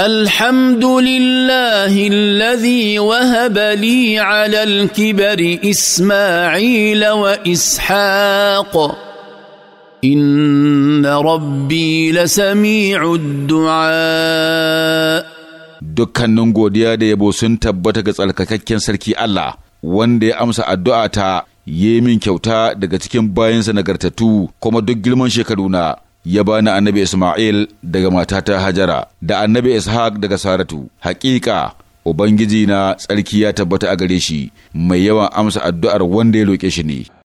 الحمد لله الذي وهب لي على الكبر اسماعيل واسحاق ان ربي لسميع الدعاء dukkanin godiya da yabo sun tabbata ga tsarkakakken sarki Allah wanda ya amsa ta yi min kyauta daga cikin bayansa nagartattu kuma duk girman shekaruna ya bani annabi Ismail daga matata Hajara da annabi Ishaq daga Saratu hakika Ubangiji na tsarki ya tabbata a gare shi mai yawan amsa addu'ar wanda ya loke shi ne